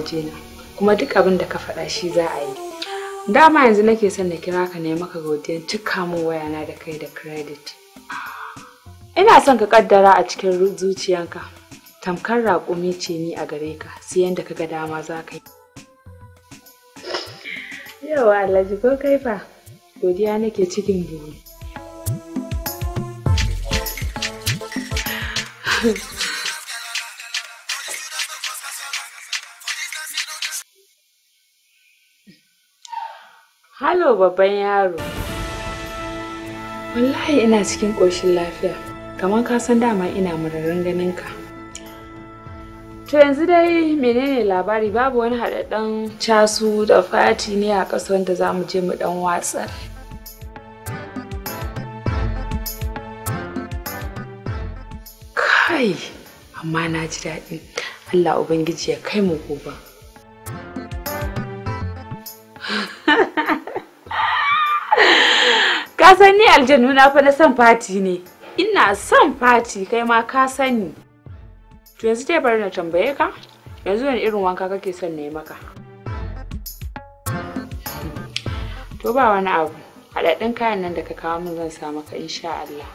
wajena kuma duk abin da ka faɗa shi za a yi dama yanzu nake son na kira ka ne maka godiyan cika waya wayana da kai da credit ina son ka kaddara a cikin zuciyanka tamkar raƙumi ce ni a gare ka sai yanda ga dama za ka yi yawa alhaji ko kai fa godiya nake cikin gini alo babban yaro. Wallahi ina cikin ƙoshin lafiya, kamar ka san dama ina murarin ganin ka. To yanzu dai menene labari babu wani haɗaɗɗen casu da fati ne a ƙasa wanda za mu je mu ɗan watsar. Kai, amma na ji daɗi. Allah Ubangiji ya kai mu gobe. ka san ni aljanu na fa na son fati ne ina son fati kai ma ka sani to yanzu te bari na tambaye ka yanzu wani irin wanka kake son na yi maka to ba wani abu haɗaɗɗun kayan nan da ka kawo min zan sa maka insha Allah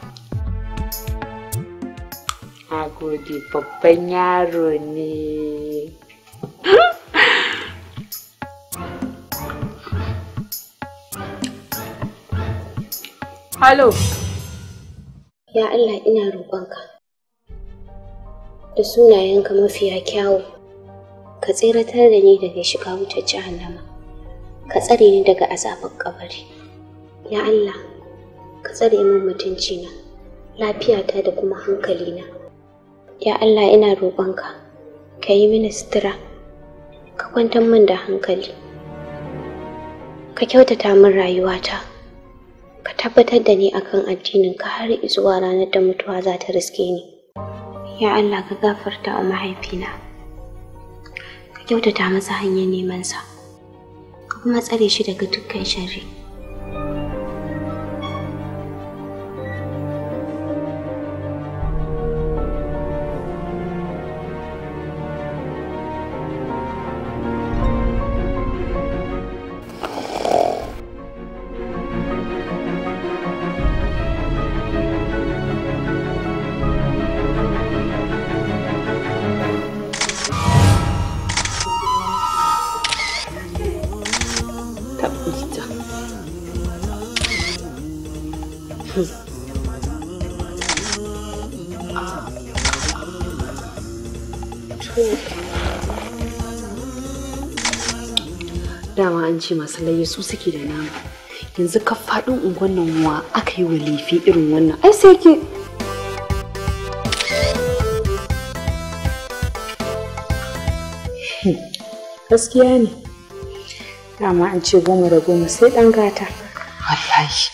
a gode babban yaro ne Hallo? Ya Allah ina roƙonka. Da sunayenka mafiya kyawu, ka tseratar da ni daga shiga wutar jahannama, ka tsare ni daga azabar kabari. Ya Allah, ka tsare min mutuncina, lafiyata da kuma hankalina. Ya Allah ina roƙonka, ka yi mini sutura, ka kwantar min da hankali, ka kyautata min rayuwata. ka tabbatar da ni akan addinin ka har zuwa ranar da mutuwa za ta riske ni ya Allah ka gafarta a mahaifina ka kyautata masa hanyar neman sa ka kuma tsare shi daga dukkan sharri ce masu laye su suke da nama yanzu ka faɗin unguwan wa aka yi wa lefi irin wannan ai sai ke hmm, gaskiya ne dama an ce goma da goma sai ɗan gata wallahi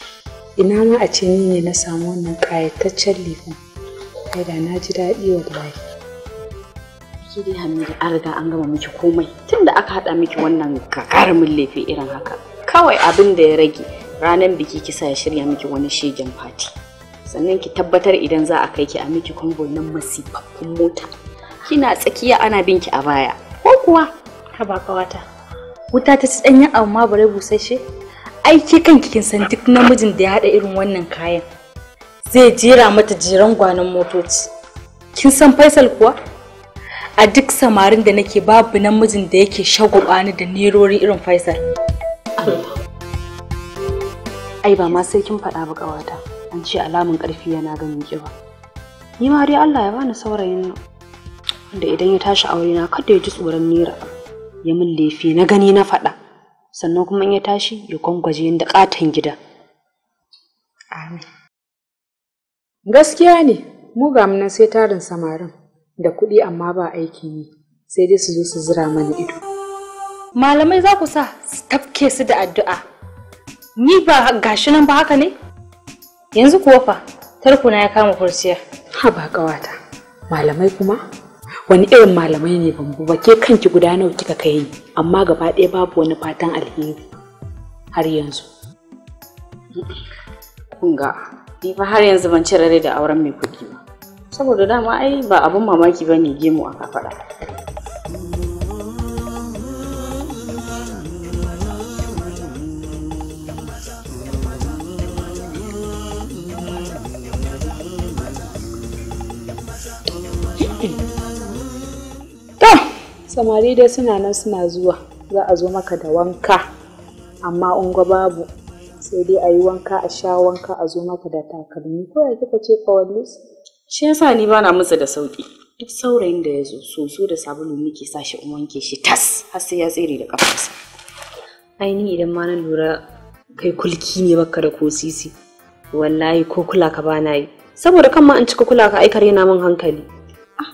ina ma a ce ni ne na samu wannan ƙayataccen lifin kai da na ji daɗi wallahi Ki dai Hamida an riga an gama miki komai tunda aka haɗa miki wannan gagarumin laifi irin haka. Kawai abin da ya rage ranar biki kisa ya shirya miki wani shegen fati. Sannan ki tabbatar idan za a kai ki a miki kwambo nan masifaffin mota. Kina tsakiya ana bin ki a baya. Ko kuwa? Haba kawata. Wuta ta ci ɗanyen ma bare busasshe. Ai ke kanki kin san duk namijin da ya haɗa irin wannan kayan. Zai jera mata jiran gwanon motoci. Kin san Faisal kuwa? a duk samarin da nake babu namijin da yake shagwaba da nerori irin Faisal. Ai ba ma sai kin faɗa ba ƙawata, an ce alamun ƙarfi yana ganin kiba. Ni ma dai Allah ya bani saurayin nan. Da idan ya tashi aure na kada ya ji tsoron nira. ya min lefe na gani na faɗa. Sannan kuma in ya tashi ya gwangwaje da ƙaton gida. Amin. Gaskiya ne, mu ga sai tarin samarin. da kuɗi amma ba aiki yi sai dai su zo su zira mana ido malamai za ku sa tafke su da addu'a ni ba gashi nan ba haka ne yanzu kuwa fa tarkuna ya kama kurciya ha ba kawata malamai kuma wani irin malamai ne bambu ba ke kanki guda nawa kika kai ni amma gaba ɗaya babu wani fatan alheri har yanzu kun ga ni fa har yanzu ban cire da auren mai kuɗi ba saboda dama ai ba abin mamaki ba ne gemu aka faɗa samari dai suna nan suna zuwa za a zo maka da wanka amma ungwa babu sai dai a yi wanka a sha wanka a zo maka da takalmi ko ya kika ce kawalis shi yasa ni bana masa da sauki duk saurayin da ya zo soso da sabulu nake sa shi in wanke shi tas har sai ya tsere da kafarsa ai idan ma na lura kai kulki ne baka da ko sisi wallahi ko kula ka bana yi saboda kan ma an cika kula ka aikar yana min hankali ah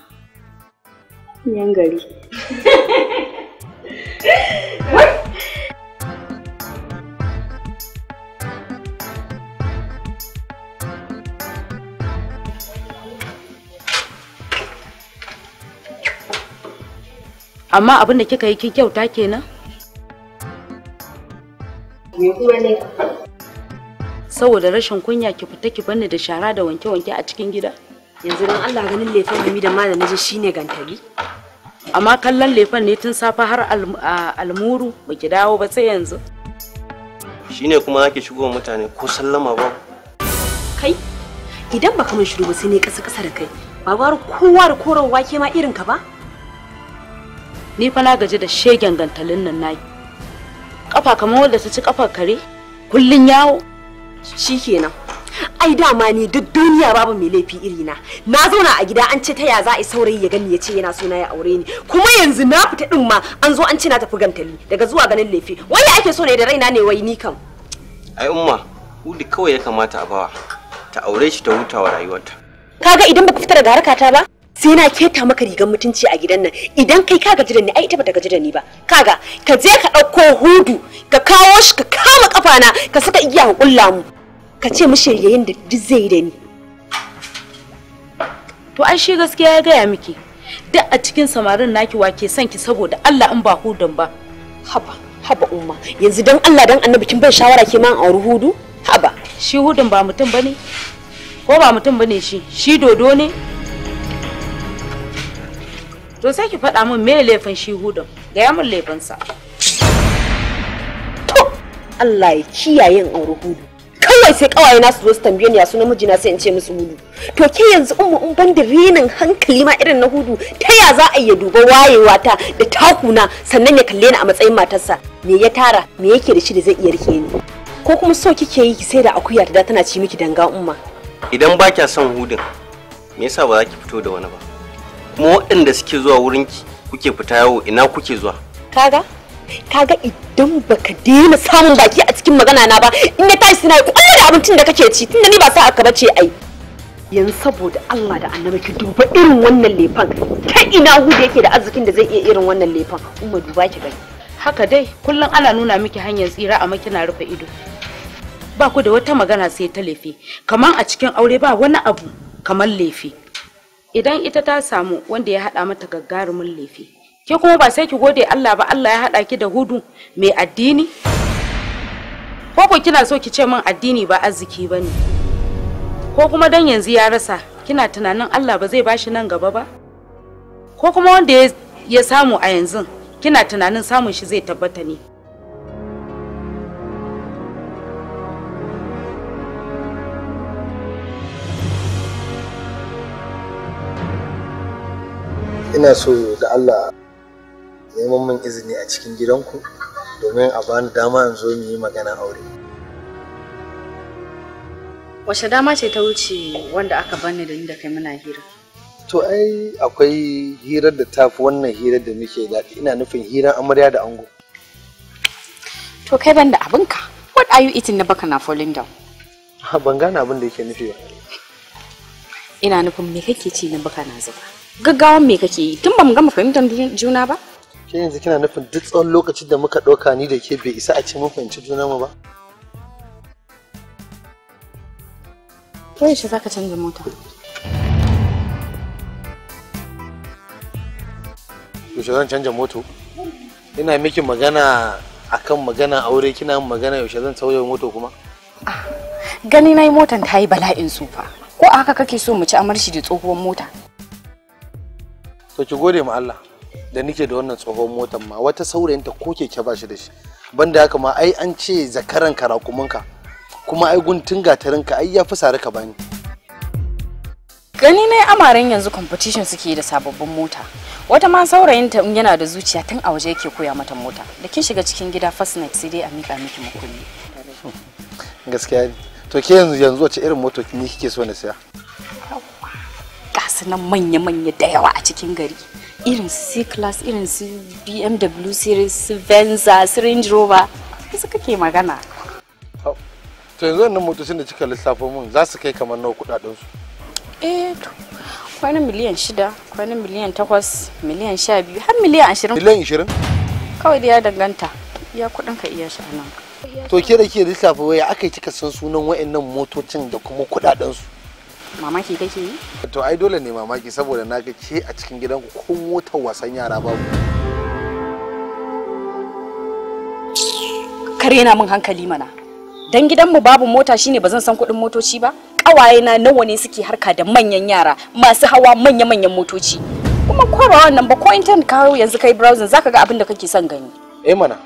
yan gari amma abin da kika yi kin kyauta kenan saboda rashin kunya ki fita ki banni da shara da wanke-wanke a cikin gida yanzu don Allah ganin lefen da mi da malam naji shine gantari amma kallon lefan ne tun safa har almuru baki dawo ba sai yanzu shine kuma nake shigo mutane ko sallama ba kai idan baka mun shiru ba sai ne kasa kasa da kai babar kowa da koran wake ma irin ka ba ni fa na gaji da shegen gantalin nan nayi kafa kamar wanda ta ci kafar kare kullun yawo shikenan ai dama ni duk duniya babu mai laifi iri na na zauna a gida an ce ta ya za a saurayi ya gani ya ce yana suna ya aure ni kuma yanzu na fita din ma an zo an ce na tafi gantali daga zuwa ganin laifi wani ake so ne da raina ne wai ni kam ai umma huli kawai ya kamata a bawa ta aure shi ta hutawa rayuwarta kaga idan baka fita daga harkata ba sai na keta maka rigar mutunci a gidan nan idan kai ka gaji da ni ai ita bata gaji da ni ba kaga ka je ka ɗauko hudu ka kawo shi ka kama na ka saka igiya ka kulla mu ka ce mishi yayin da duk zai da ni to ai shi gaskiya ya gaya miki duk a cikin samarin naki wake son ki saboda Allah in ba hudun ba haba haba umma yanzu dan Allah dan annabi kin bai shawara ke man auri hudu haba shi hudun ba mutum bane ko ba mutum bane shi shi dodo ne to sai ki faɗa min me laifin shi hudun gaya min laifinsa to Allah ya kiyaye in auri hudu kawai sai kawaye na su zo su tambaye ni ya sunan mijina sai in ce musu hudu to ke yanzu in in ban da rinin hankali ma irin na hudu ta ya za a iya duba wayewa ta da takuna sannan ya kalle ni a matsayin matarsa me ya tara me yake da shi da zai iya rike ni ko kuma so kike yi ki sai da akuya ta tana ci miki danga umma idan ba kya son hudun me yasa ba za ki fito da wani ba kuma waɗanda suke zuwa ki kuke fita yawo ina kuke zuwa kaga kaga idan baka daina samun baki a cikin magana na ba in ya tashi suna kwallo da abincin da kake ci tunda ni ba sa aka bace ai yanzu saboda Allah da annabi ki duba irin wannan lefan ta ina hudu yake da arzikin da zai iya irin wannan lefan umma duba ki gani haka dai kullum ana nuna miki hanyar tsira amma kina rufe ido ba ku da wata magana sai ta lefe kamar a cikin aure ba wani abu kamar lefe idan ita ta samu wanda ya haɗa mata gaggarumin laifi ke kuma ba sai ki gode Allah ba Allah ya haɗa ki da hudu mai addini ko ko kina so ki ce min addini ba arziki ba ne ko kuma dan yanzu ya rasa kina tunanin Allah ba zai bashi nan gaba ba ko kuma wanda ya samu a yanzu kina tunanin samun shi zai tabbata ne ina so da Allah neman min izini a cikin gidanku domin a bani dama in zo mu yi magana aure. Wace dama ce ta wuce wanda aka bani da inda kai muna hira? To ai akwai hirar da tafi wannan hirar da muke daɗi ina nufin hirar amarya da ango. To kai ban da abinka. What are you eating na baka na falling down? Ban gane abin da yake nufi ba. Ina nufin me kake ci na baka na zuba. gaggawan me kake yi tun ba mu gama fahimtar juna ba ke yanzu kina nufin duk tsawon lokacin da muka ɗauka ni da ke bai isa a ce mun fahimci juna mu ba kai shi zaka canza mota yaushe zan canza moto ina miki magana akan magana aure kina magana yaushe zan sauya moto kuma ah, gani na yi motan ta yi bala'in sufa ko a haka kake so mu ci amarshi da tsohuwar mota to ki gode ma Allah da nike da wannan tsohon motar ma wata saurayinta ko keke ba shi da shi banda haka ma ai an ce zakaran karakumanka kuma ai guntun gatarinka ai ya fi sare ka bani gani ne amaren yanzu competition suke da sababbin mota wata ma saurayinta in yana da zuciya tun a waje yake koya mata mota da kin shiga cikin gida first night sai dai a mika miki makulli gaskiya to ke yanzu yanzu wace irin mota ne kike so na siya masu nan manya-manya da yawa a cikin gari irin su c-class irin su bmw series su venza su range rover su kake magana to yanzu wannan motocin da cika lissafo mun za su kai kamar nawa kudaden su eh to kwanan miliyan shida kwanan miliyan takwas miliyan sha biyu har miliyan ashirin miliyan ashirin kawai da ya danganta iya kudin ka iya sha'anan to ke da ke lissafa waya aka yi cika san sunan wa'annan motocin da kuma kudaden su mamaki kake yi to ai dole ne mamaki saboda na ga ke a cikin gidan ko motar wasan yara babu kare na min hankali mana dan gidanmu babu mota shine bazan san kuɗin motoci ba ƙawayena na nawa ne suke harka da manyan yara masu hawa manya-manyan motoci kuma ko ba wannan ba ko intanet kawo yanzu kai browsing zaka ga abin da kake son gani eh mana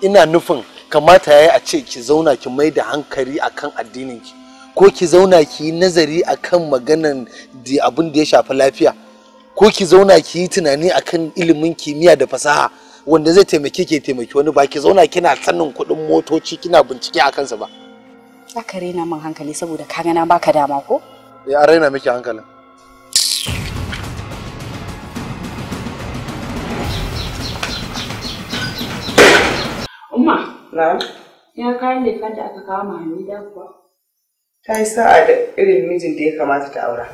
ina nufin kamata ya yi a ce ki zauna ki mai da hankali akan addinin ki ko ki zauna ki yi nazari akan maganan da abin da ya shafi lafiya ko ki zauna ki yi tunani akan ilimin kimiyya da fasaha wanda zai taimake ke taimaki wani ba ki zauna kina sanin kuɗin motoci kina bincike a kansa ba za ka raina min hankali saboda ka gana baka dama ko ya eh, raina miki hankalin umma ya kayan da aka kawo ma kuwa ta yi sa'a da irin mijin da ya kamata ta aura.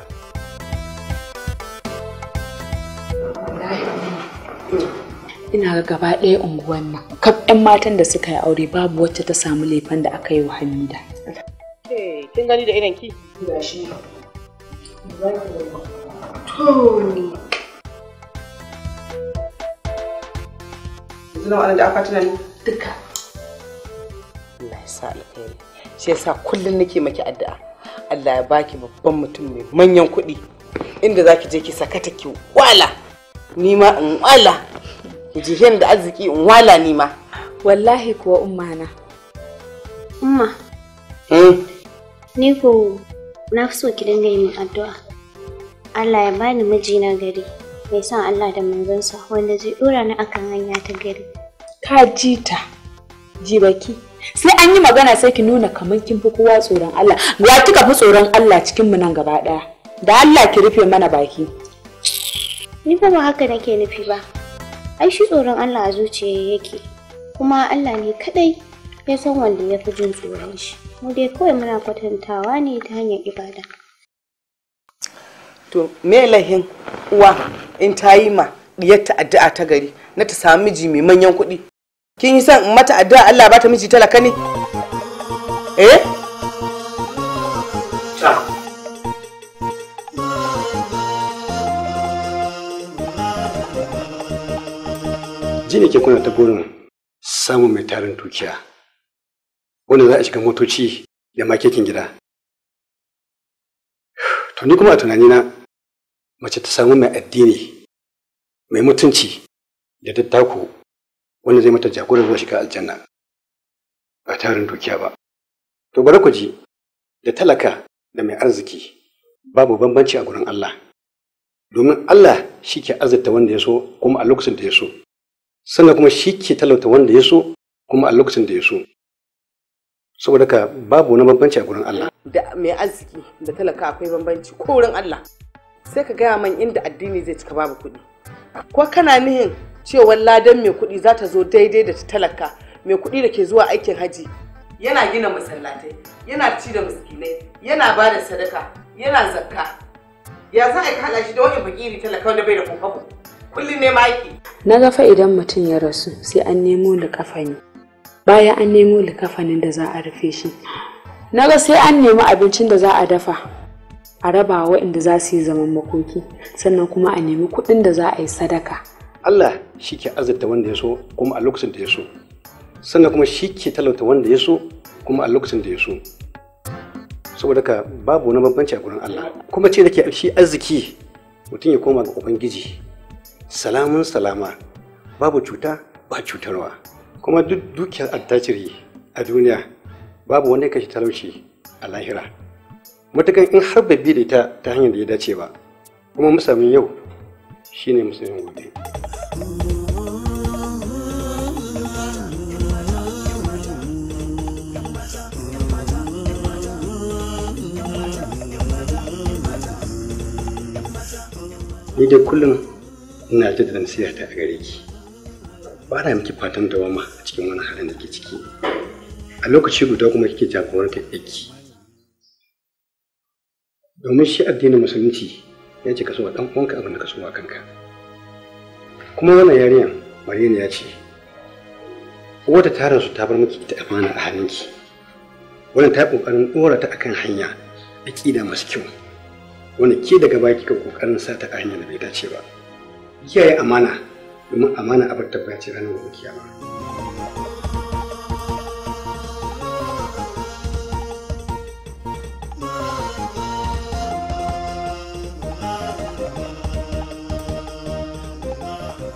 Ina ga gaba ɗaya unguwan nan. Kaf ɗan matan da suka yi aure babu wacce ta samu laifin da aka yi wa Hamida. Kin gani da irin ki? Gashi. da aka tunani duka. Allah ya sa alkhairi. shi yasa kullum nake maki addu'a Allah ya baki babban mutum mai manyan kuɗi inda zaki je ki ta ki wala ni ma in wala ki ji da arziki in wala ni ma wallahi kuwa umma na umma mm. ni ko na fi so ki dinga yin addu'a Allah ya bani na gari mai son Allah da manzansa wanda zai dora ni akan hanya ta gari ka ji ta ji baki sai an yi magana sai ki nuna kamar kin fi kowa tsoron Allah ga kika fi tsoron Allah cikin mu nan gaba daya da Allah ki rufe mana baki ni ba ba haka nake nufi ba ai shi tsoron Allah a zuciya yake kuma Allah ne kadai ya san wanda ya fi jin tsoron shi mu dai kawai muna kwatantawa ne ta hanyar ibada to me lahin uwa in tayi yi ma ta addu'a ta gari na ta samu miji mai manyan kuɗi kin yi son in mata addu'a Allah ba ta miji talaka ne eh ji ne ke kuna ta gurin samun mai tarin dukiya wanda za a shiga motoci da makekin gida to ni kuma a tunanina mace ta samu mai addini mai mutunci da dattako wanda zai mata jagorar zuwa shiga aljanna ba tarin dukiya ba to bari ku ji da talaka da mai arziki babu bambanci a gurin Allah domin Allah shi ke azurta wanda ya so kuma a lokacin da ya so sannan kuma shi ke talauta wanda ya so kuma a lokacin da ya so saboda ka babu wani bambanci a gurin Allah da mai arziki da talaka akwai bambanci ko wurin Allah sai ka gaya man inda addini zai cika babu kuɗi ko kana nihin cewar ladan mai kuɗi za ta zo daidai da ta talaka mai kuɗi da ke zuwa aikin haji yana gina masallatai yana ci da miskinai yana ba da sadaka yana zakka ya za a haɗa shi da wani fakiri talaka wanda bai da kokabu kullum ne maki na ga idan mutum ya rasu sai an nemo likafani bayan an nemo likafanin da za a rufe shi na ga sai an nemi abincin da za a dafa a raba waɗanda za su yi zaman makoki sannan kuma a nemi kuɗin da za a yi sadaka Allah shi ke azurta wanda ya so kuma a lokacin da ya so sannan kuma shi ke talauta wanda ya so kuma a lokacin da ya so saboda ka babu wani bambanci a gurin Allah kuma ce ke shi arziki mutum ya koma ga ubangiji salamun salama babu cuta ba cutarwa kuma duk dukiyar attajiri a duniya babu wanda kashi talauci a lahira matakan in har babbi da ita ta hanyar da ya dace ba kuma mu yau shine musulmin gobe ni dai kullum ina da nasiya ta a gare ki ba na miki fatan dawama a cikin wani halin da ke ciki a lokaci guda kuma kike jagorantar ɗaki domin shi addinin musulunci yanci ka so dan uwanka abin da ka kanka kuma wannan yarinyar mariyan ya ce wata tarin su ta bar miki ta amana a hannunki wannan ta kokarin dora ta akan hanya da masu kyau wanda ke daga baki ka kokarin sa ta hanyar da bai dace ba kiyaye amana domin amana abar tabbaci ranar gobe kiyama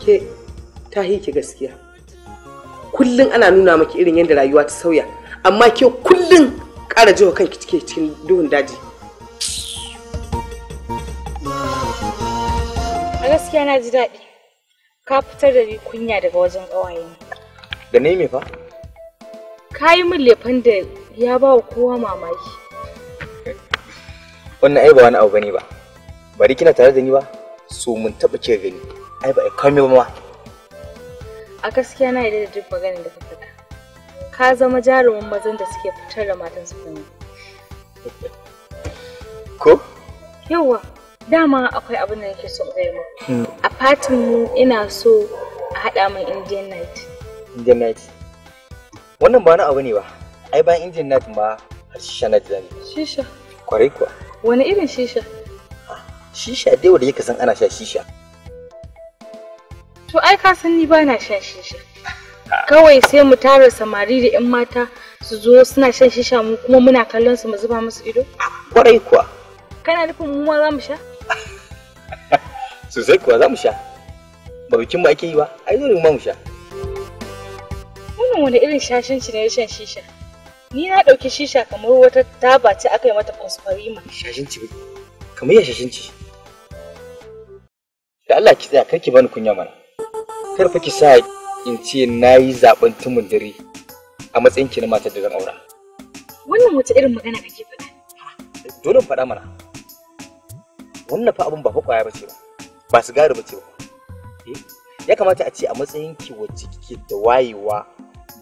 ke ta ki gaskiya kullum ana nuna maki irin yadda rayuwa ta sauya amma ke kullum ƙara jiwa kanki cike cikin duhun daji a gaskiya na ji daɗi ka fitar da ni kunya daga wajen ƙawaye da na yi me fa ka yi min lefan da ya ba wa kowa mamaki wannan ai ba wani abu bane ba bari kina tare da ni ba so mun taɓa kika gani ai ba komai ba ma a gaskiya na yadda da duk maganin da ka faɗa ka zama jarumin mazan da suke fitar da matan su kuma ko yawa dama akwai abin da nake so gaya ma. Hmm. a fatin mu ina so a haɗa min indian night indian night wannan ba wani abu ne ba ai bayan indian night ma har shisha night zamu shisha kwarai kuwa wani irin shisha ah, shisha dai wanda yake san ana sha shisha To ai ka san ni ba na shan shisha. Kawai sai mu tara samari da 'yan mata su zo suna shan shisha mu kuma muna kallon su mu zuba musu ido? Kwarai kuwa. Kana nufin mu ma za mu sha? Sosai kuwa za mu sha. Ba bikin ba ake yi ba, ai zo mu sha. Wannan wani irin shashin ne na shan shisha? Ni na ɗauki shisha kamar wata taba ce aka yi mata ma. Shashin ci kamar ya shashin ci. Da Allah ki tsaya kar ki bani kunya mana. karfa ki sa in ce na yi zaɓen tumun dare a matsayin ki na matar da zan aura. Wannan wace irin magana kake faɗa? Dole faɗa mana. Wannan fa abin ba fa kwaya bace ba, ba sigari bace ba. Eh, ya kamata a ce a matsayin ki wacce kike da wayewa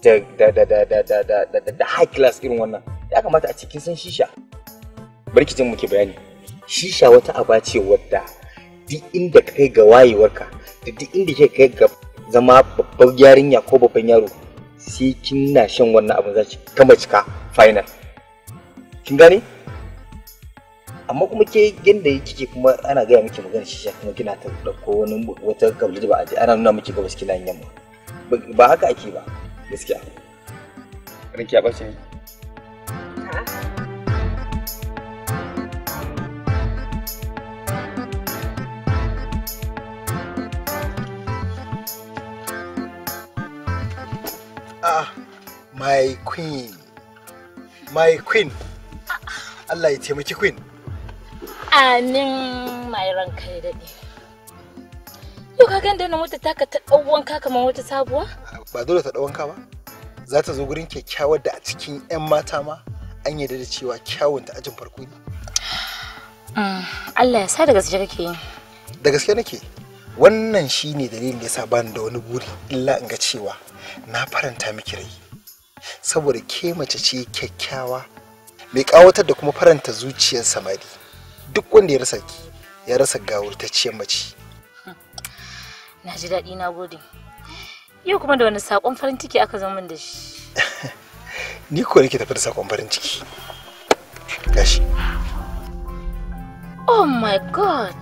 da da da da da da da da da high class irin wannan. Ya kamata a ce kin san shisha. Bari ki jin muke bayani. Shisha wata aba ce wadda duk inda ka kai ga wayewarka da duk inda ka kai ga zama babbar yarinya ko babban yaro sai kin na shan wannan abin zaki kama cika final kin gane amma kuma ke yadda kike kuma ana gaya miki magana shi kuma kina ta dauko wani wata kabli da ba aje ana nuna miki gabas kina yamma ba haka ake ba gaskiya ranki ya bace ne my queen my queen Allah ya taimaki queen amin mai ranka da ni yau ka ganda na wata taka ta dau wanka kamar wata sabuwa ba dole ta dau wanka ba za ta zo gurin kyakkyawar da a cikin yan mata ma an yarda da cewa kyawun ta ajin farko ne mm, Allah ya sa da gaske kake yi da gaske nake wannan shine dalilin da sa ban da wani buri illa in ga cewa na faranta miki rai saboda ke mace ce kyakkyawa mai kawatar da kuma faranta zuciyar samari duk wanda ya rasa ki ya rasa gawurtacciyar mace na ji daɗi na gode yau kuma da wani saƙon farin ciki aka zama min da shi ni ko nake tafi da saƙon farin ciki gashi oh my god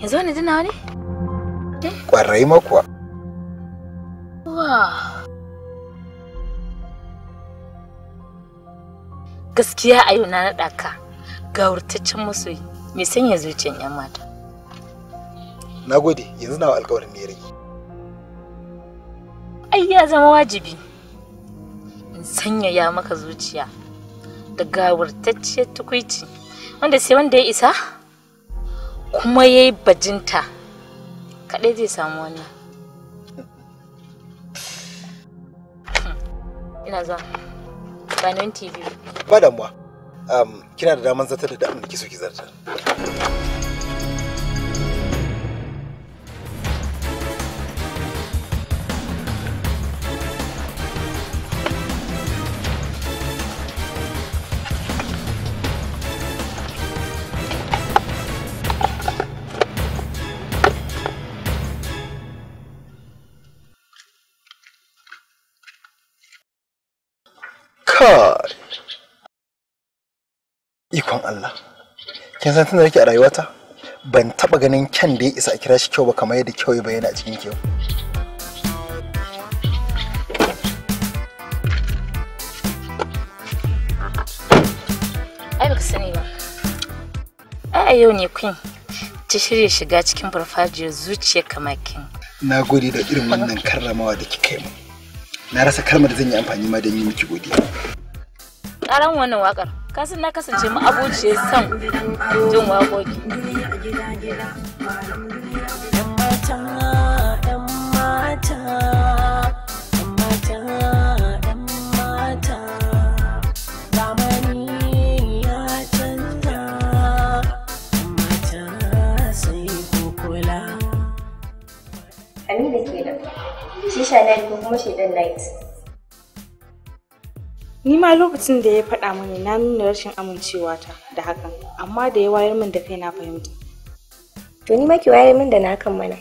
yanzu wani dinawa ne Ƙwarai makuwa. Gaskiya ayo na naɗa ka ga wurtaccen masoyi mai sanya zuciyan 'yan mata. Na gode yanzu na alkawarin ne rage. Ai ya zama wajibi in sanyaya maka zuciya da gawurtacciyar tukwici wanda sai wanda ya isa kuma ya yi bajinta kaɗai zai samu wannan hmm. ina za ba nan tv ba damuwa um, kina da daman zartar da damar da kiso ki zartar kin san tunda yake a rayuwata ban taba ganin kyan da ya isa a kira shi kyau ba kamar yadda kyau ya bayyana a cikin kyau ai baka sani ba a yau ne queen ta shirya shiga cikin farfajiyar zuciya kamar kin na gode da irin wannan karramawa da kika yi na rasa kalmar da zan yi amfani ma don yi miki godiya ƙaran wannan waƙar kasan na kasance mu abociye son jin waƙoƙi ma lokacin da ya faɗa mani na nuna rashin amincewa ta da hakan amma da ya wayar min da kai na fahimta to ni ma ki wayar min da na kan mana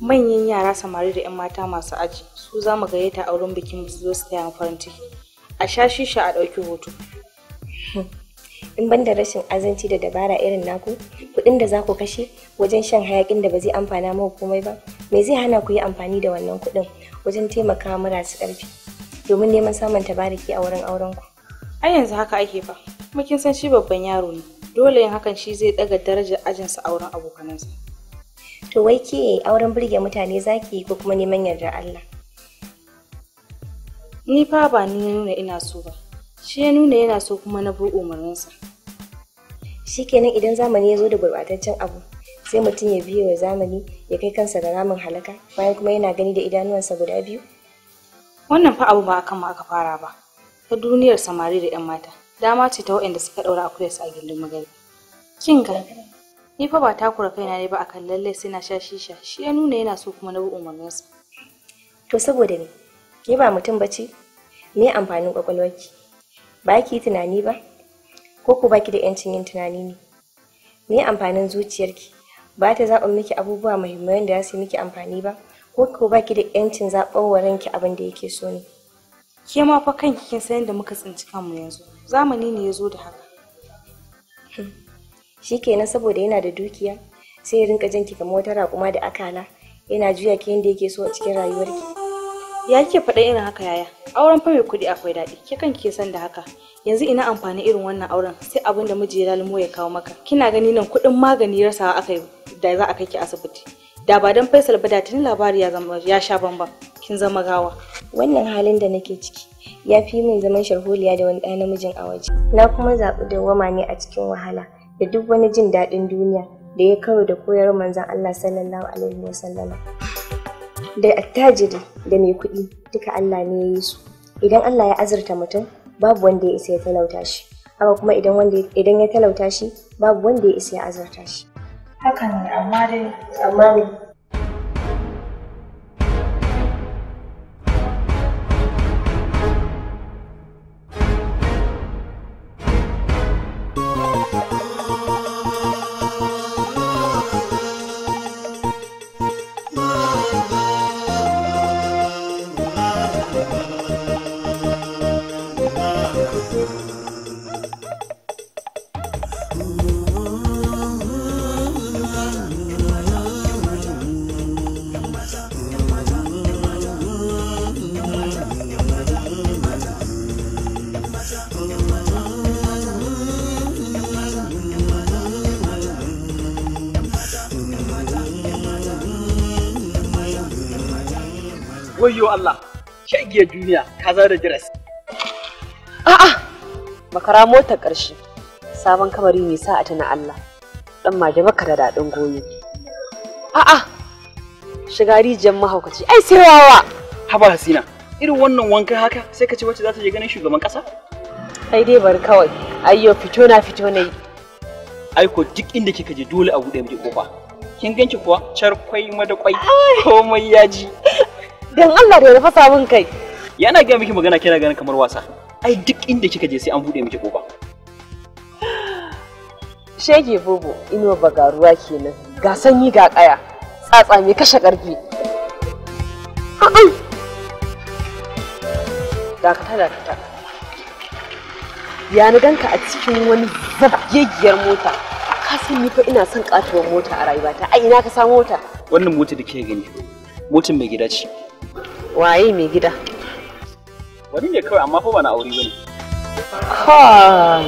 manyan yara samari da 'yan mata masu aji su za mu gayyata auren bikin su zo su taya farin ciki a sha shisha a ɗauki hoto in ban da rashin azanci da dabara irin naku kuɗin da za ku kashe wajen shan hayakin da ba zai amfana muku komai ba me zai hana ku yi amfani da wannan kuɗin wajen taimaka marasu ƙarfi domin neman samun tabariki a wurin aurenku. A yanzu haka ake fa, kuma kin san shi babban yaro ne, dole yin hakan shi zai daga darajar ajinsa auren abokanansa. To wai ke auren birge mutane zaki ko kuma neman yardar Allah. Ni fa ba ni ya nuna ina so ba, shi ya nuna yana so kuma na bi umarninsa. shi kenan idan zamani ya zo da gurɓataccen abu, sai mutum ya biyo wa zamani ya kai kansa ga ramin halaka bayan kuma yana gani da idanuwansa guda biyu. Wannan fa abu ba akan mu aka fara ba. Ta duniyar samari da 'yan mata. Dama ce ta waɗanda suka ɗaura akuyarsu a gindin magari. Kin ga ni fa ba takura kaina ne ba akan lallai sai na sha shisha. Shi ya nuna yana so kuma na bi umarninsa. To saboda me? Ke ba mutum bace? Me amfanin kwakwalwarki? Ba ki tunani ba? Ko ku baki da 'yancin yin tunani ne? Me amfanin zuciyarki? Ba ta zaɓin miki abubuwa muhimman da za su yi miki amfani ba? ko ko baki da yancin zaɓar wa abin da yake so ne ke ma fa kanki kin san yadda muka tsinci kanmu yanzu zamani ne ya zo da haka hmm. Shi kenan saboda yana da dukiya sai ya rinka jinki kamar wata raƙuma da akala yana juya ki yadda yake so a cikin rayuwarki ya kike faɗa irin haka yaya auren fa mai kuɗi akwai daɗi ke kanki ke san da haka yanzu ina amfani irin wannan auren sai abin da miji ya lalmo ya kawo maka kina gani nan kuɗin magani rasawa aka da za a kai ki asibiti da ba dan faisal ba da tun labari ya zama ya sha bamban kin zama gawa wannan halin da nake ciki ya fi min zaman sharholiya da wani ɗan namijin a waje na kuma zaɓi dawwama ne a cikin wahala da duk wani jin daɗin duniya da ya karo da koyar manzon Allah sallallahu alaihi sallama da attajiri da mai kuɗi duka Allah ne ya yi su idan Allah ya azurta mutum babu wanda ya isa ya talauta shi haka kuma idan ya talauta shi babu wanda ya isa ya azurta shi Haka ne, amma dai. Amma ne. wayyo Allah shagiyar duniya ka zara jiras a'a makara motar ƙarshe sabon kamari mai sa a tana Allah dan mage baka da daɗin goyo a'a shiga rijiyar mahaukaci ai sai wawa haba hasina irin wannan wankan haka sai ka ce wacce za ta je ganin shugaban ƙasa Ai dai bari kawai ayyo fito na fito na yi aiko duk inda kika je dole a buɗe miki kofa kin ganki kuwa charkwai madakwai komai ya ji Dan Allah da ya sabon kai. Yana ga miki magana kina ganin kamar wasa. Ai duk inda kika je sai an bude miki kofa. Shege bobo inuwa bagaruwa kenan. Ga sanyi ga kaya. Tsatsa mai kashe karfi. Dakata dakata. Ya ni ganka a cikin wani zabgeggiyar mota. Ka san ni fa ina son katuwar mota a rayuwata. Ai ina ka samu mota? Wannan mota da kike gani. Motin mai gida ce. Waye mai gida? Wani ne kawai amma fa ba na aure ne? Ha!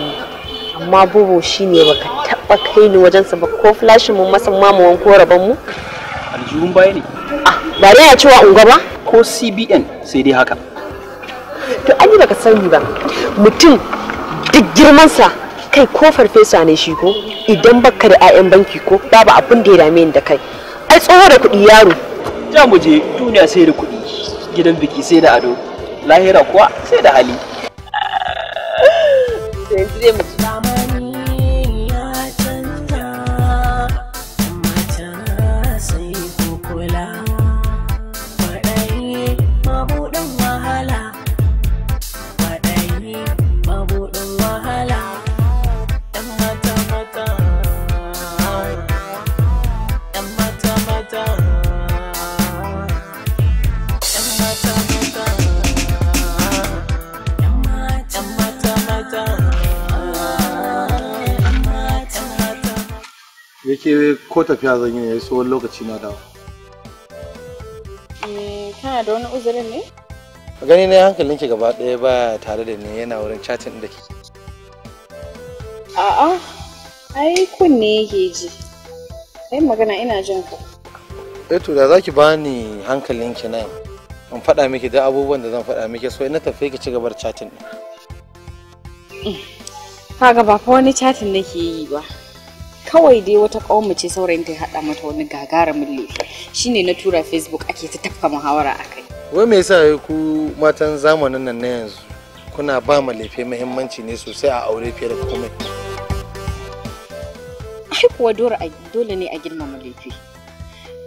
Amma bobo shi ne baka taɓa kai ni wajensa ba ko flashin mun masa mamawan ko raban mu? Aljihun baya ne. Ah, ba ya cewa unga ba? Ko CBN sai dai haka. To an yi baka sani ba. Mutum duk girmansa kai ko farfesa ne shi ko idan baka da 'ya'yan banki ko babu abin da ya dame ni da kai. Ai tsoho da kuɗi yaro ja mu je duniya sai da kuɗi gidan biki sai da ado lahira kuwa sai da hali Sai mu ko tafiya zan yi ne tsawon lokaci na dawo eh, kana da wani uzurin ne gani na hankalin ki gaba ɗaya ba tare da ni yana wurin chatin da ke a'a ai kunne yake ji kai magana ina jin ka eh to da zaki bani hankalin ki nan in faɗa miki da abubuwan da zan faɗa miki so ina tafi ki ci gaba da chatin Ka ga ba fa wani chatin nake yi ba kawai dai wata kawon ce saurayin ta haɗa mata wani gagarumin shi shine na tura facebook ake ta tafka muhawara a kai wai me yasa ku matan zamanin nan na yanzu kuna ba ma lefe muhimmanci ne sosai a aure fiye da komai ai kuwa dole ne a girmama lefe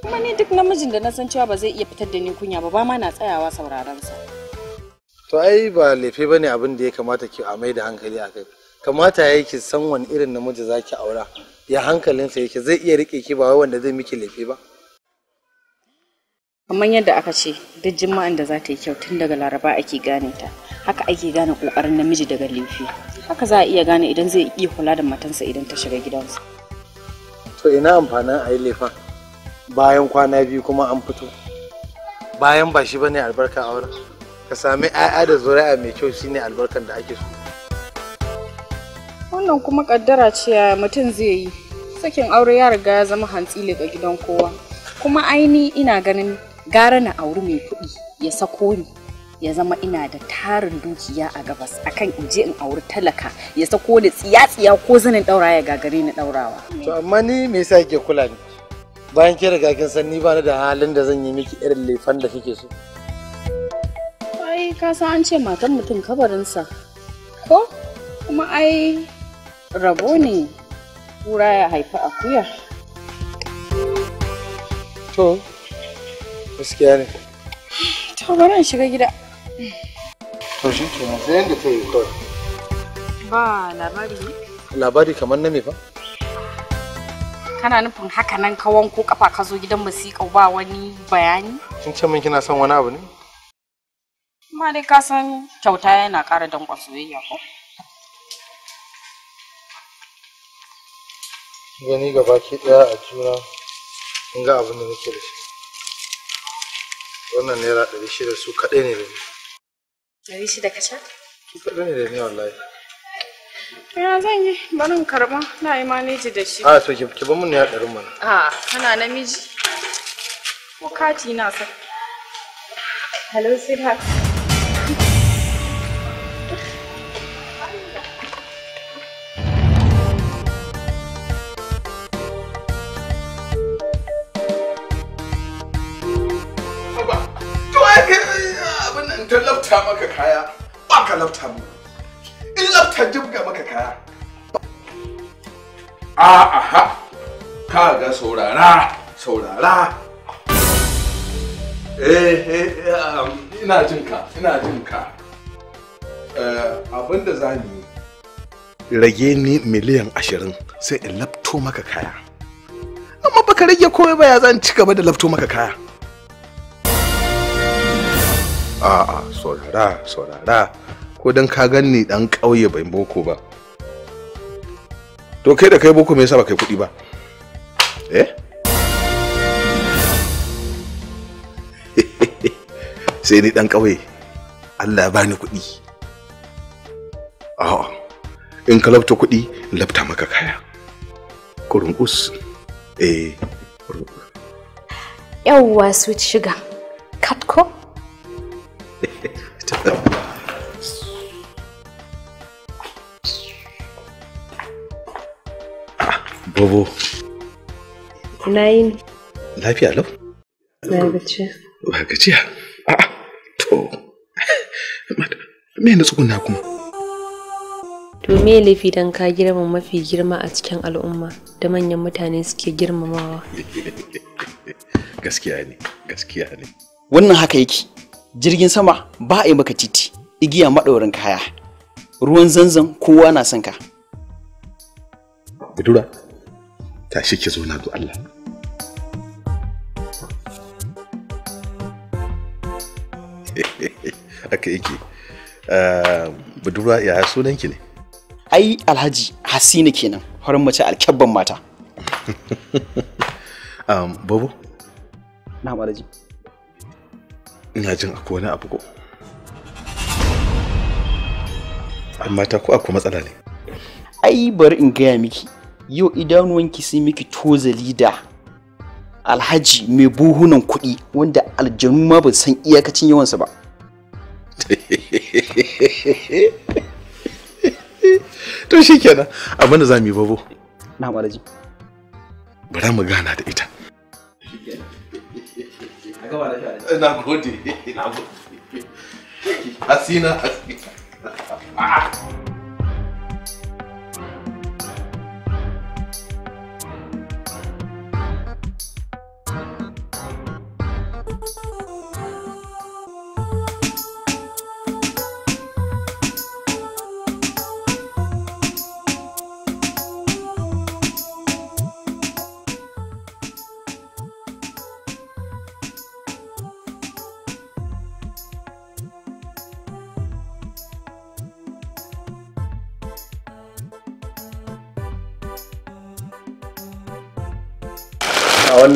kuma ni duk namijin da na san cewa ba zai iya fitar da ni kunya ba ba ma na tsayawa sauraron sa to ai ba lefe bane abin da ya kamata ki a mai da hankali a kai kamata ya san wani irin namiji zaki aura ya hankalinsa yake zai iya rike ki ba wai wanda zai miki laifi ba kamar yadda aka ce duk juma'an da za ta yi kyau tun daga laraba ake gane ta haka ake gane kokarin namiji daga laifi haka za a iya gane idan zai iya kula da matansa idan ta shiga gidansa to ina amfanin a yi laifin bayan kwana biyu kuma an fito bayan ba shi bane albarka a wurin ka sami 'ya'ya da zuri'a mai kyau shine albarkan da ake so wannan kuma kaddara ce mutum zai yi sakin aure ya riga ya zama hantsi ga gidan kowa kuma aini ina ganin gara na auri mai kuɗi ya sako ni ya zama ina da tarin dukiya a gabas akan in je in auri talaka ya sako ni tsiya-tsiya ko zanin daura ya gagare ni daurawa. To amma ni me yasa yake kula ni? Bayan ke riga kin san ni bani da halin da zan yi miki irin lefan da kike so. Ai ka san an ce matan mutum kabarinsa. Ko? Kuma ai rabo ne kura ya haifi akuya to gaskiya ne to bari in shiga gida to shi ke sai yadda ta yi kawai ba labari labari kamar na me fa kana nufin haka nan ka wanko kafa ka zo gidan masiƙa ba wani bayani kin ce min kina son wani abu ne amma dai ka san kyauta yana ƙara dankon soyayya ko gani gaba ki daya a juna in ga abin da nake da shi wannan naira ɗari shida su kaɗai ne da ni ɗari shida sha? su kaɗai ne da ni wallahi ya zan yi barin karɓa na yi maneji da shi a to ki ba mun naira ɗarin mana a kana namiji ko kati na sa hello sweetheart lafta maka kaya ba ka lafta mu in lafta jibga maka kaya a aha ka ga saurara saurara eh, eh, eh um, ina jin ka ina jin ka eh, abinda za ni rage ni miliyan ashirin sai in lafto maka kaya amma baka rage komai ba ya zan ci gaba da lafto maka kaya a'a saurara saurara ko dan ka ni dan ƙauye bai boko ba to kai da kai boko me yasa ba kai kuɗi ba eh sai ni dan ƙauye Allah ya bani kuɗi a'a in ka labta kuɗi labta maka kaya kurunkus eh yawwa sweet sugar katko Bobo. Na yi ne. Lafiya lau? Na gajiya. Ba gajiya? A'a, to. Me na tsuguna kuma? To me fi don ka girma mafi girma a cikin al'umma da manyan mutane suke girmamawa? Gaskiya ne, gaskiya ne. Wannan haka yake. jirgin sama ba a yi maka titi igiya maɗaurin kaya ruwan zanzan kowa na son ka tashi ki zo na Allah. Aka yake. Ehm, budurwa ya sunanki ne? Ai Alhaji Hasina kenan, horon mace alkyabban mata. Ehm, Babu? Na Alhaji. ina jin akwai wani abu ko amma ta ko akwai matsala ne ai bari in gaya miki yau idanuwanki sai miki tozali da alhaji mai buhunan kuɗi wanda aljanu ma ba san iyakacin yawansa ba to shi kenan abinda za mu yi babo na alhaji bari mu gana da ita gaba da na gode asina asina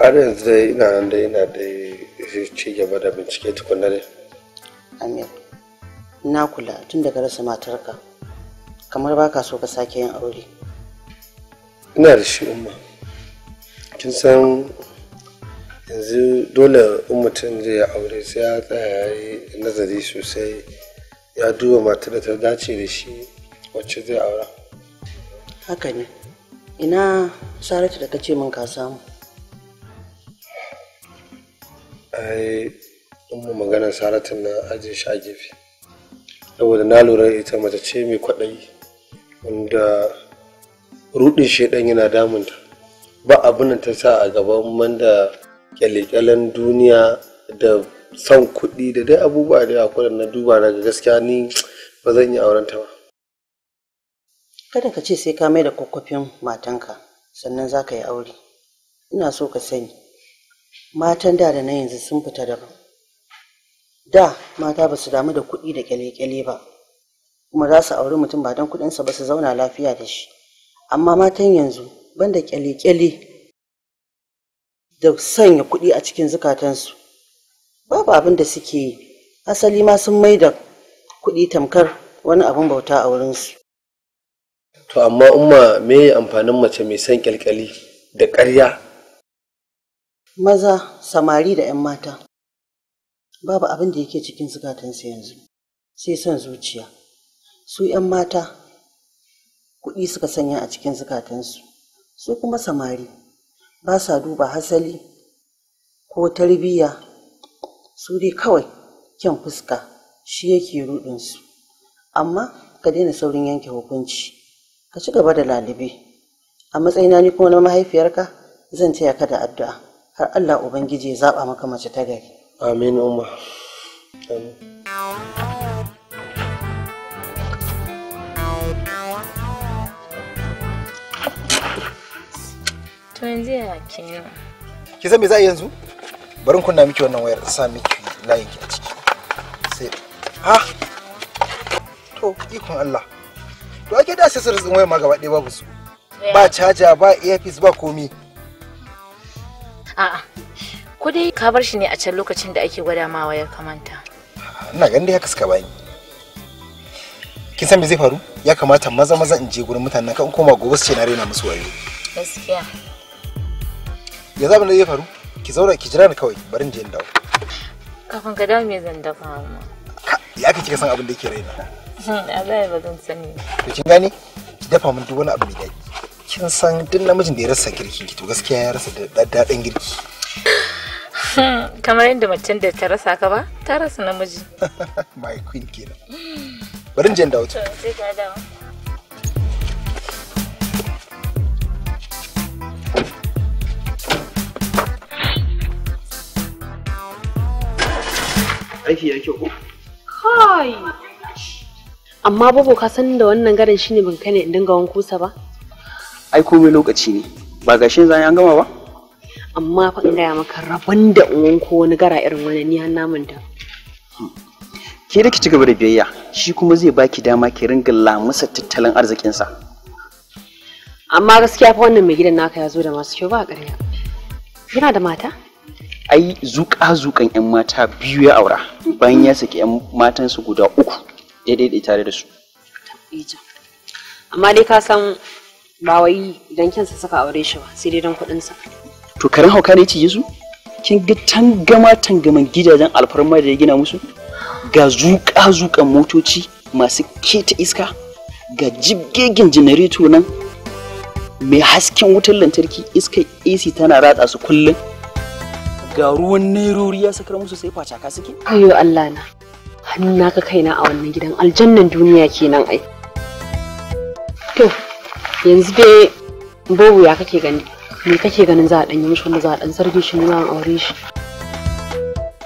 har yanzu dai ina nan da yana da ci gaba da bincike tukunna dai na kula tun daga rasa matarka kamar ba ka so ka sake yin aure ina da shi umma kin san yanzu dole in mutum zai yi aure sai ya tsaya yi nazari sosai ya duba matar da ta dace da shi wacce zai aura haka ne ina saratu da ka ce min ka samu ai in mu magana saratun na ajiye shi a gefe saboda na lura ita mace ce mai kwaɗayi wanda rudin shedan yana damunta ba abin ta sa a gaban manda kyalekyalen duniya da son kuɗi da dai abubuwa da yawa na duba na gaskiya ni ba zan yi auren ta ba kada ka ce sai ka mai da kwakwafin matanka sannan za ka yi aure ina so ka sani matan da da na yanzu sun fita daban da mata ba su damu da kuɗi da kyale-kyale ba kuma za su auri mutum ba don kuɗinsa ba su zauna lafiya da shi amma matan yanzu banda kyale-kyale da sanya kuɗi a cikin zukatansu babu abin da suke yi asali ma sun mai da kuɗi tamkar wani abin bauta a wurinsu to amma umma me amfanin mace mai san kyalkyali da ƙarya maza samari da 'yan mata babu abin da yake cikin zukatansu yanzu sai son zuciya su 'yan mata kuɗi suka sanya a cikin zukatansu su kuma samari ba sa duba hasali ko tarbiyya su dai kawai kyan fuska shi yake rudinsu amma ka daina saurin yanke hukunci ka ci gaba da lalube a matsayina ni kuma na mahaifiyarka zan taya ka da addu'a har Allah Ubangiji ya zaɓa maka mace ta gari. Amin umma. To yanzu ya Ki san me za a yanzu? Barin kunna miki wannan wayar sa miki layin ki a ciki. Sai ha to ikon Allah. To ake da sai sirrin wayar ma gaba ɗaya babu su. Ba caja ba earpiece ba komi. A'a. Ko dai ka bar shi ne a can lokacin da ake gwada ma wayar kamanta. Ina ganin dai haka suka bani. Kin san me zai faru? Ya kamata maza maza in je gurin mutanen kan koma gobe su ce na raina musu wayo. Gaskiya. Ya zaba da zai faru? Ki zaura ki jira ni kawai bari in je in dawo. Kafin ka dawo me zan dafa ma. Ya kake san abin da yake raina? Allah ya bazan sani. To kin gane? Ki dafa min duk wani abu mai daɗi. kin san duk namijin da ya rasa girki to gaskiya ya rasa daɗin girki hmm, kamar yadda macen da ta rasa ka ba ta rasa namiji my queen kenan bari jin dawo ka dawo aiki ya kyau kai amma Bobo, ka san da wannan garin shine ban ne, in dinga wankusa ba ai komai lokaci ne ba gashin zan an gama ba amma fa in gaya maka rabon da uwan ko wani gara irin wani ni har namun da ke da ki cigaba gaba da biyayya shi kuma zai baki dama ki ringa lamusa tattalin arzikinsa amma gaskiya fa wannan mai gidan naka ya zo da masu kyau ba ƙarya yana da mata ai zuƙa zuƙan yan mata biyu ya aura bayan ya saki yan su guda uku daidai tare da su amma dai ka san ba wai idan sa saka aure shi ba sai dai don kuɗinsa. To karin hauka ne cije su? Kin ga tangama tangaman gidajen alfarma da ya gina musu? Ga zuƙa zuƙan motoci masu keta iska? Ga jibgegen janareto nan mai hasken wutar lantarki iskar AC tana ratsa su kullum? Ga ruwan nerori ya sakar musu sai facaka suke? Ayo Allah na. Hannu na ka kaina a wannan gidan aljannan duniya kenan ai. To, yanzu dai Bobo ya kake gani me kake ganin za a danyi mishi wanda za a dan sarge shi nuna aure shi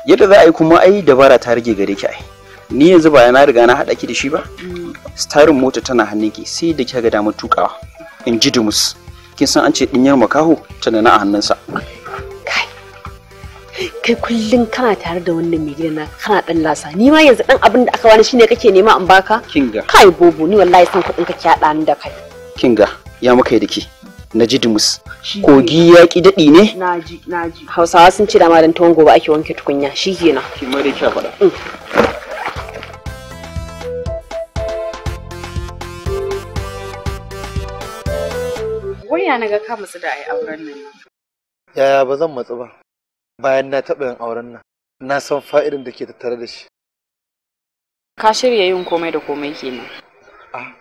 yadda za a yi kuma ai dabara ta rage gare ki ai ni yanzu ba na riga na hada ki da shi ba starin mota tana hannun ki sai da kika ga damar tukawa in ji dumus kin san an ce dinyar makaho tana na a hannunsa kai kullum kana tare da wannan mai gidan naka kana dan lasa ni ma yanzu dan abin da aka wani shine kake nema in baka kinga kai bobo ni wallahi san kudin ka ki ni da kai kinga ya maka da ke na ji dumus kogi ya ki daɗi ne hausawa sun ce da don tuwon gobe ake wanke tukunya shi kenan ki Waya na ga ka matsu da ai auren nan. Yaya ba zan matsu ba. Bayan na taɓa yin auren nan, na san fa'idin da ke tattare da shi. Ka shirya yin komai da komai kenan. Ah.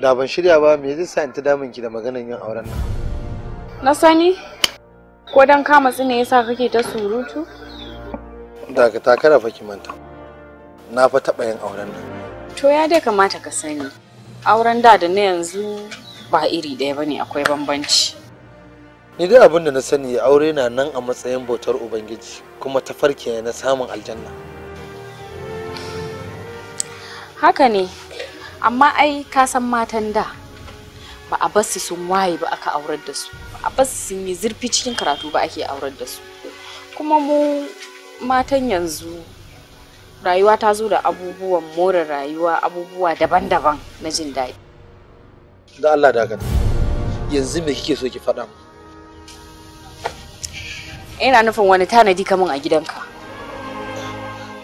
da ban shirya ba me zai sa in ta damun ki da maganan yin auren nan na sani ko dan ka matsi ne yasa kake ta surutu da ka takara fa ki manta na fa taɓa yin auren nan to ya dai kamata ka sani auren da da na yanzu ba iri ɗaya bane akwai bambanci ni dai abin da na sani aure na nan a matsayin bautar ubangiji kuma ta farke na samun aljanna haka ne amma ai ka san matan da ba a basu sun waye ba aka aurar da su ba a basu sun yi zurfi cikin karatu ba ake aurar da su kuma mu matan yanzu rayuwa ta zo da abubuwan more rayuwa abubuwa daban-daban na jin daɗi da Allah da yanzu me kike so ki faɗa ina nufin wani tanadi kamun a gidanka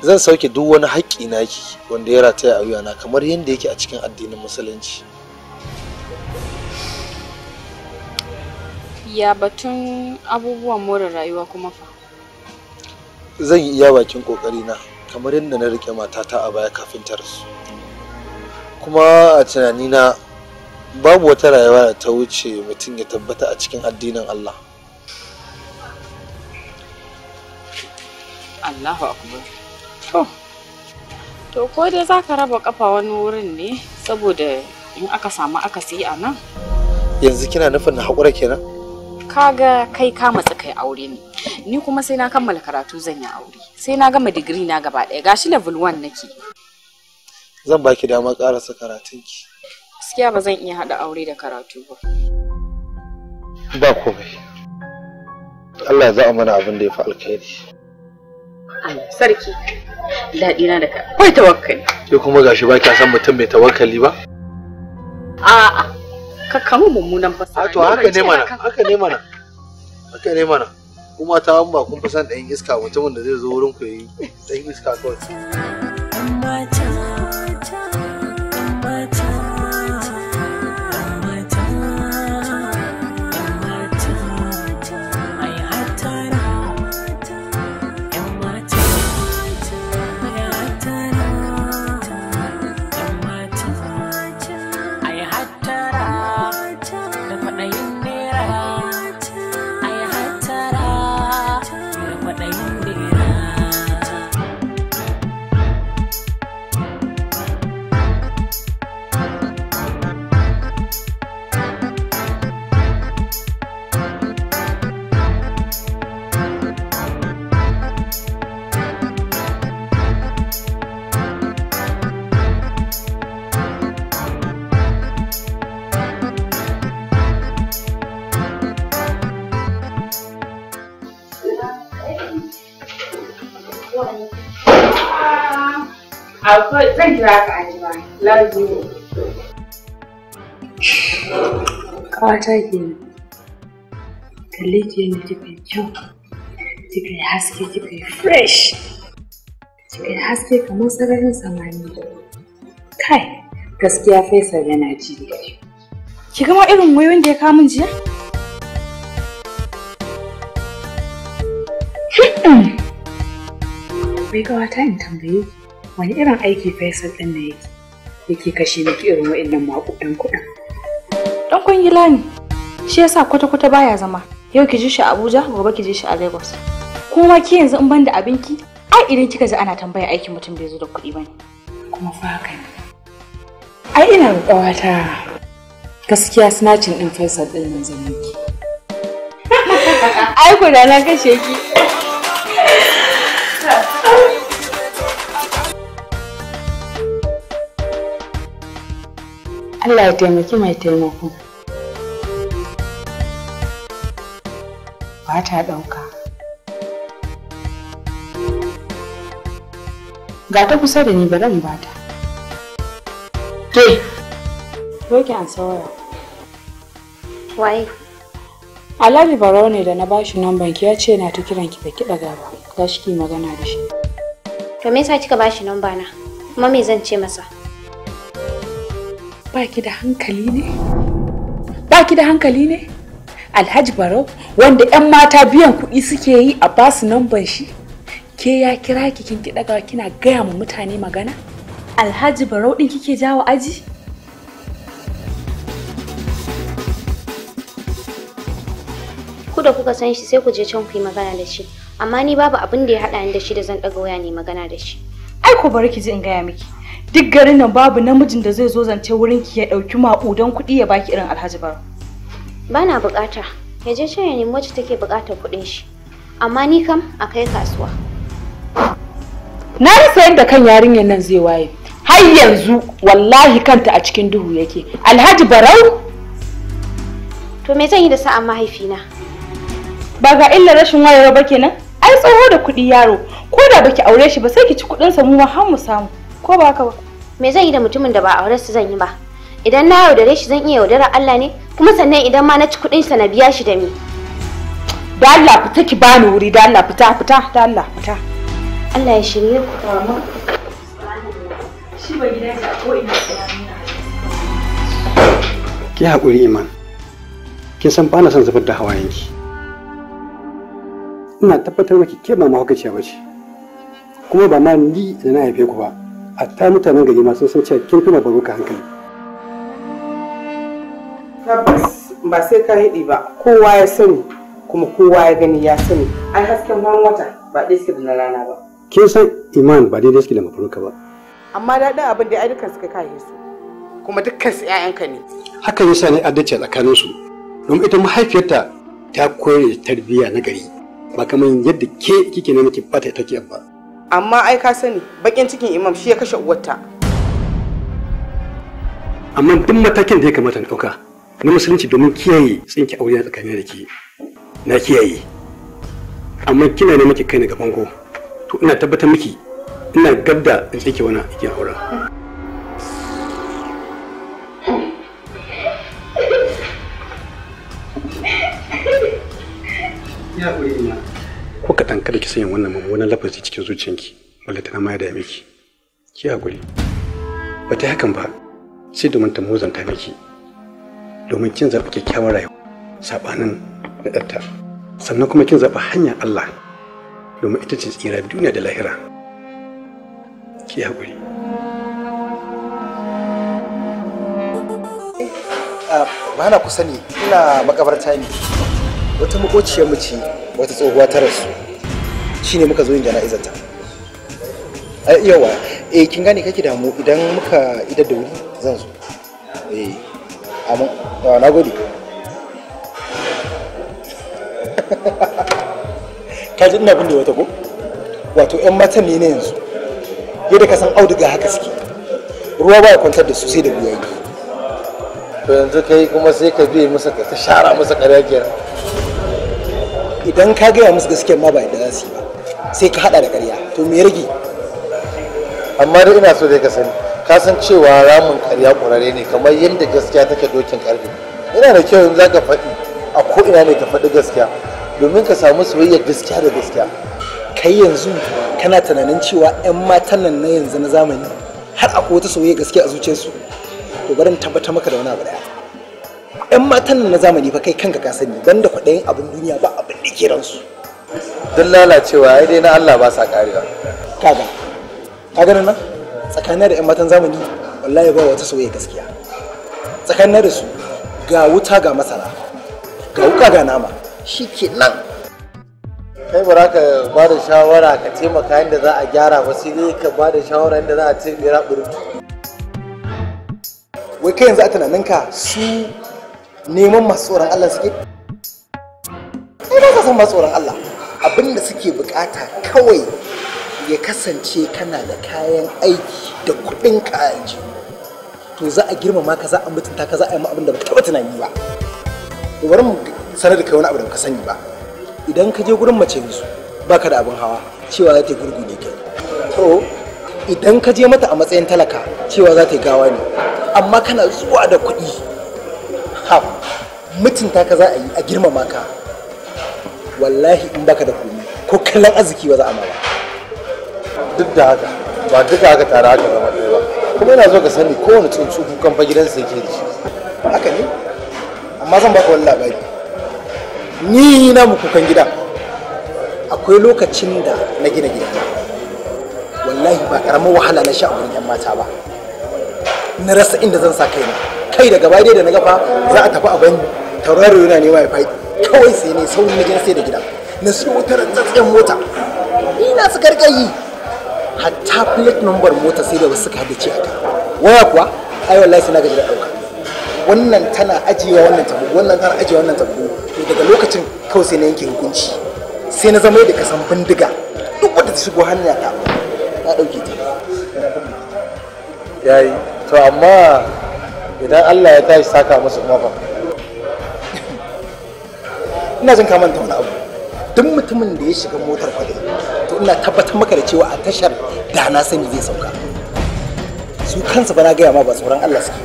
zan sauke duk wani haƙƙi naki wanda ya rataya a wuyana kamar yadda yake a cikin addinin musulunci ya batun abubuwan more rayuwa kuma fa zan yi iya bakin kokari na kamar yadda na rike matata a baya kafin ta rasu kuma a tunanina babu wata rayuwa da ta wuce mutum ya tabbata a cikin addinin Allah Allahu akbar To, ko dai za ka raba kafa wani wurin ne saboda in aka samu akasi a nan? Yanzu kina nufin na haƙura kenan? Kaga kai ka matsa kai aure ne. Ni kuma sai na kammala karatu zan yi aure. Sai na gama digiri na gaba ɗaya gashi level 1 nake. Zan baki dama ƙarasa karatunki. Gaskiya ba zan iya haɗa aure da karatu ba. Ba komai. Allah ya za'a mana abin da ya fi alkhairi. Allah sarki daɗi na da ka kai tawakkali ke kuma gashi ba kya san mutum mai tawakkali ba a'a ka kama mummunan fasara to haka ne mana haka ne mana haka ne mana kuma ta ba kun fi san ɗan iska mutumin da zai zo wurin ku yi ɗan iska kawai zagi ne ƙawata ke kalli ke ne kika yi kyau kika yi haske kika yi fresh kika yi haske kamar sararin samani kai gaskiya faisal yana ji da ki gama irin wayoyin da ya kamun jiya Bai hmm. kawata in tambaye wani irin aiki Faisal ɗin na yake. yake kashe miki irin wa'annan makudan kuɗin. Dan yi ne. Shi yasa kwata-kwata baya zama. Yau ki ji shi a Abuja, gobe ki ji shi a Lagos. Kuma ki yanzu in banda abinki, ai idan kika ji ana tambaya aikin mutum bai zo da kuɗi bane. Kuma fa haka ne. Ai ina ƙawata. Gaskiya sinacin ɗin fansa ɗin yanzu miki. Ai ku na kashe ki. Allah ya taimaki mai taimako. Ba ta ɗauka. Ga ta kusa da ni ba zan ba ta. Ke, doki an saura. Waye? Alabi Barau ne da na bashi namban ki ya ce na ta kiran ki da kiɗa gaba. Ga shi ki magana da shi. To me yasa kika bashi namba na? Kuma me zan ce masa? baki da hankali ne baki da hankali ne alhaji barau wanda 'yan mata biyan kuɗi suke yi a basu namban shi ke ya kira ki kin daga kina gaya ma mutane magana alhaji barau din kike jawo aji ku da kuka san shi sai ku je can ku yi magana da shi amma ni babu abin da ya haɗa ni da shi da zan ɗaga waya ne magana da shi ai ku bari ki ji in gaya miki duk garin nan babu namijin da zai zo zance wurin ki ya ɗauki maƙudan kuɗi ya baki irin alhaji ba bana bukata ya je can ya nemi wacce take bukatar kuɗin shi amma ni kam a kai kasuwa na rasa yadda kan yarinyar nan zai waye har yanzu wallahi kanta a cikin duhu yake alhaji barau to me zan yi da sa'an mahaifina ba ga illa rashin wayewa ba kenan ai tsoho da kuɗi yaro ko da baki aure shi ba sai ki ci kuɗinsa mu ma har mu samu ko ba haka ba me zan yi da mutumin da ba a su zan yi ba idan na yaudare shi zan iya yaudarar Allah ne kuma sannan idan ma na ci kuɗin sa na biya shi da me da Allah fita ki bani wuri da Allah fita fita da Allah fita Allah ya shirye ku mama shi ba gida ki ko ina ki haƙuri iman kin san bana son zubar da ki ina tabbatar maki ke ba mahaukaciya ba ce kuma ba ma ni da na haife ku ba hatta mutanen gari ma sun san cewa kin fi baruka hankali tabbas ba sai ka hidi ba kowa ya sani kuma kowa ya gani ya sani ai hasken ban wata ba dai suke da na rana ba kin san iman ba daidai suke da mafaruka ba amma da daɗin abin da ai dukkan suka kahe su kuma dukkan su ƴaƴanka ne hakan yasa ne addace tsakanin su don ita mahaifiyarta ta koyar da tarbiyya na gari ba kamar yadda ke kike ne nake ta take ba amma ai ka sani bakin cikin imam shi ya kashe uwarta amma duk matakin da ya kamata na ɗauka na musulunci domin kiyaye tsinki aure na tsakanin da ke na kiyaye amma kina ne miki kai na gaban to ina tabbatar miki ina gab da in tsinke wani ake auren Yeah, we kada ki sanya wannan mummunan lafazi cikin zuciyanki balle tana mai ya miki ki ki hakuri ba ta hakan ba sai domin ta muzanta miki domin kin zaɓi kyakkyawar rayuwa saɓanin naɗarta sannan kuma kin zaɓi hanyar Allah domin ita ce tsira duniya da lahira ki hakuri. Ah, ba na kusa sani ina makabarta ne wata makociyar mace wata tsohuwa ta rasu shine muka zo yin jana'izar ta yawa eh kin gane kake damu idan muka idar da wuri zan zo eh amma ah, na gode ka ji ina binne wata ko wato yan matan ne yanzu yadda ka san auduga haka suke ruwa baya kwantar da su sai da buyayi to yanzu kai kuma sai ka biye masa ka ta shara masa kariya kenan idan ka gaya musu gaskiya ma ba yadda za su yi ba sai ka hada da ƙarya to me rage amma da ina so dai ka sani ka san cewa ramin ƙarya ƙurare ne kamar yadda gaskiya take dokin ƙarfi Ina da kyau in zaka faɗi a ko ina ne ka faɗi gaskiya domin ka samu soyayyar gaskiya da gaskiya kai yanzu kana tunanin cewa 'yan matan nan na yanzu na zamani har akwai wata soyayya gaskiya a zuciyarsu to barin tabbatar maka da wani abu daya 'yan matan na zamani fa kai kanka ka sani banda kwaɗayin abin duniya ba abin da ke ransu duk lalacewa ai dai na Allah ba sa karewa kaga kaga nan tsakanin da 'yan matan zamani wallahi ba wata soyayya gaskiya tsakanin da su ga wuta ga masara ga wuka ga nama shike ke nan kai ba ka ba da shawara ka taimaka yadda za a gyara ba sai dai ka ba da shawara yadda za a ce bera wai kai yanzu a tunaninka su neman masu tsoron Allah suke sai ba sa san masu tsoron Allah abinda suke bukata kawai ya kasance kana da kayan aiki da kuɗin kayan to za a girmama ka za a mutunta ka za a yi abin da ba taɓa tunani ba bari mu sanar da kai wani abu da ka sani ba idan ka je gurin mace ba baka da abin hawa cewa za ta gurgune kai to idan ka je mata a matsayin talaka cewa za ta yi gawa ne amma kana zuwa da kuɗi kaf mutunta ka za a yi a girmama ka wallahi in baka da komai ko kallon arziki ba za a mawa duk da haka ba duka haka tare haka zama ɗaya ba kuma yana zo ka sani kowane tsuntsu kukan fa gidansa yake da shi haka ne amma zan baka wani labari ni na mu kukan gida akwai lokacin da na gina gida wallahi ba karamin wahala na sha a wurin 'yan mata ba na rasa inda zan sa kai kai daga baya dai da na gafa za a tafi a bani tauraro yana nema ya fai. kawai sai ne saurin na gina sai da gida na siyo wata rantsatsen mota ina su yi. hatta plate number mota sai da wasu ka da ce aka waya kuwa ai wallahi sai na gaji da ɗauka wannan tana ajiyewa wannan tabo wannan tana ajiyewa wannan tabo to daga lokacin kawai sai na yanke hukunci sai na zama da kasan bindiga duk wanda ta shigo hanya ta na ɗauke ta yayi to amma idan allah ya tashi saka musu kuma ba ina jin kamanta wani abu duk mutumin da ya shiga motar fage to ina tabbatar maka da cewa a tashar da na sani zai sauka su kansu ba na gaya ma ba tsoron allah suke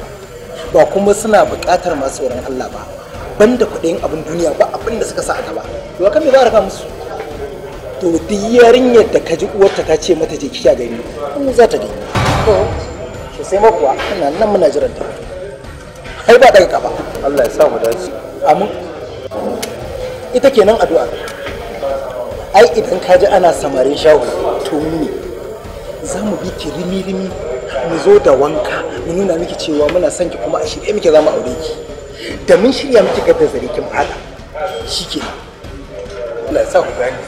ba kuma suna buƙatar masu tsoron allah ba banda kuɗin abin duniya ba abin da suka sa a gaba to kan me za a raka musu to duk yarinyar da ka ji uwarta ta ce mata je kiya gari mu za ta gani Sai ma kuwa ina nan muna jiran ta ai ba daga kafa Allah ya sa mu dace amin ita kenan addu'a ai idan ka ji ana samarin shahu to ne za mu bi ki rimi rimi mu zo da wanka mu nuna miki cewa muna son ki kuma a shirye miki za mu aure ki da mun shirya miki ga da zari kin fada shike Allah ya sa ku gane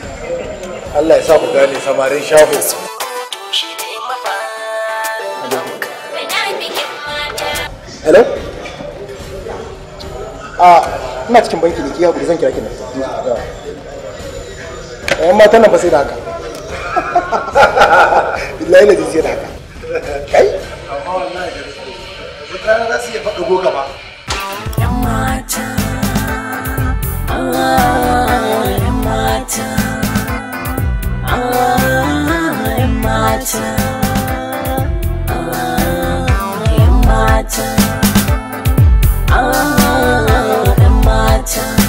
Allah ya sa ku gane samarin shago hello a ah, ina cikin banki da kiya zan kira ki eh, yan matan nan ba sai da haka billahi na sai da haka kai amma wallahi mutane za su iya faɗa goga ba yan mata yan mata ah, yan mata yan mata time